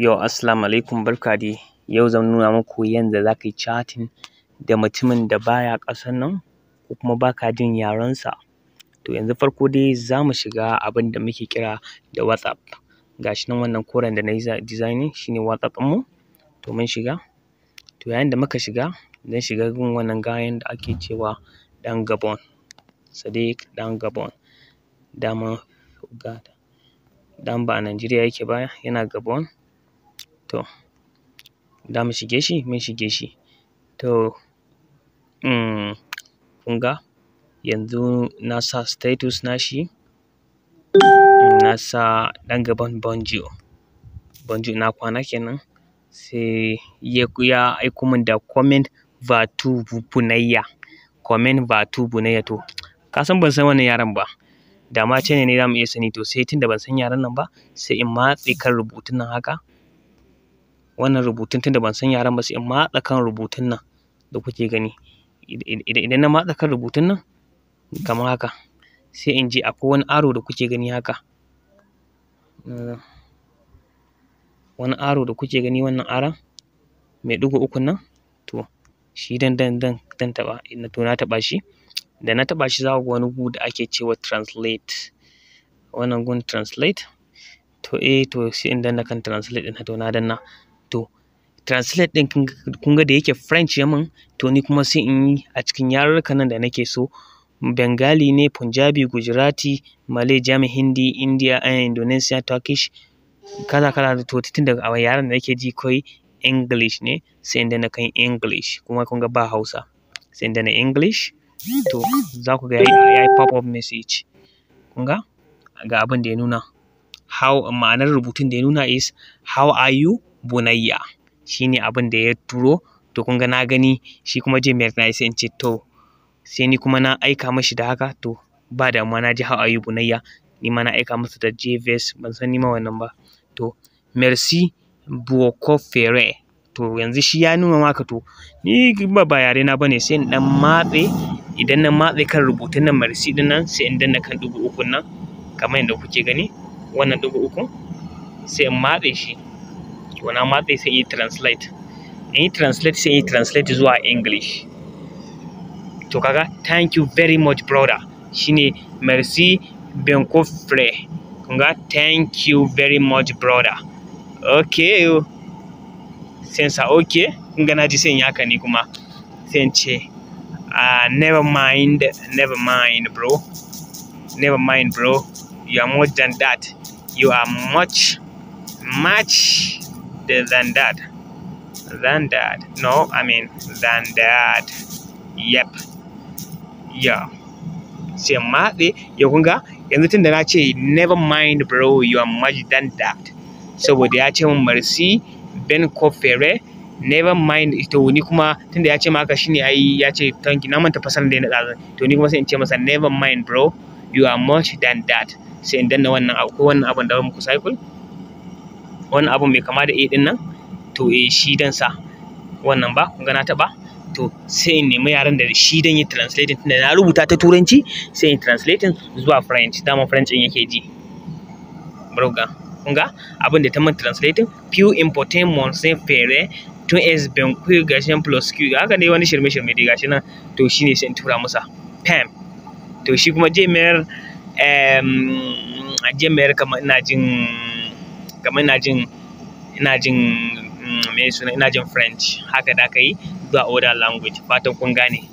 Yau assalamu alaikum barka dai yau zan nuna muku yanda za kai chatting da mutumin da baya ƙasan nan ko kuma baka jin yaren sa to yanzu farko dai zamu shiga abinda muke kira da WhatsApp Ga shi nan wannan koren da nayi designing shine WhatsApp mu, to mun shiga to yayin da muka shiga zan shiga gun wannan gayan da ake cewa ɗan Gabon Sadiq ɗan Gabon dama ga ɗan ba a Najeriya yake ba yana Gabon to za mu shige shi mun shige shi to um kun ga yanzu na sa status shi na sa ɗan gaban banjo banjo na kwana kenan sai ya ya aiko min da comment vatu bunayya comment vatu bunayya to ka san ban san wannan yaran ba da ma ce ne zamu iya sani to sai tunda ban san yaran nan ba sai in matse kan rubutun nan haka wannan rubutun tunda ban san yaren ba sai in matsa kan rubutun nan da kuke gani idan na matsa kan rubutun nan kamar haka sai in je akwai wani aro da kuke gani haka eh, wani aro da kuke gani wannan aron mai ɗigo ukun nan to shi dan dan dan dan taɓa to na taɓa shi da na taɓa shi za ku ga wani gu da ake cewa translate wannan gun translate to eh to sai in danna kan translate ɗin to na danna to translate ɗin kun ga da yake french ya min to ni kuma sai in yi a cikin yarurrukan nan da nake so bengali ne punjabi gujarati malay jami hindi india eh, indonesia turkish kala kala to tun daga yaran da nake ji koi. english ne sai inda na kan english kuma kun ga ba hausa sai inda na english to za ku ga yayi pop up message kun ga ga abin da ya nuna how ma'anar rubutun da ya nuna is how are you bunayya Shi ne abin da ya turo to kun ga na gani shi kuma Gmail na sai in ce to sai ni kuma na aika mashi da haka to ba damuwa na ji how are you bunayya ni ma na aika masa da JVS ban san ni ma wannan ba to merci beaucoup fere to yanzu shi ya nuna maka to ni ba ba yare na ne. sai in dan matse idan na matse kan rubutun nan merci din nan sai in danna kan dubu uku nan kamar yadda kuke gani wannan dubu uku sai in matse shi Wannan na matse sai yi translate in yi translate sai yi translate zuwa english to kaga thank you very much brother shine merci benko frere kunga thank you very much brother okay sensa okay kunga na ji sai in yi haka ni kuma sai ce uh, never mind never mind bro never mind bro you are more than that you are much much than that than that no i mean than that yep yeah sai matse ya kunga yanzu tunda na ce never mind bro you are much than that saboda ya ce mun mercy ben kofere never mind ito ni kuma tunda ya ce maka shine ai ya ce thank you na manta fasalan da ya na to ni kuma sai in ce masa never mind bro you are much than that sai in danna wannan abu ko wannan abun da ba muku cycle wannan abun mai kama da a din nan to eh shi dan sa wannan ba kun ga na taba to sai in nemi yaran da shi dan yi translating tunda na rubuta ta turanci sai in translating zuwa french dama french in yake ji broga kun ga abin da ta man translating few important months fere to es ben ku gashin plus q haka ne wani shirme shirme dai gashi nan to shine sai in tura masa pam to shi kuma je jemmayar kamar ina jin ina jin ina mm, jin me suna ina jin French haka da aka yi zuwa other language fatan kun gane.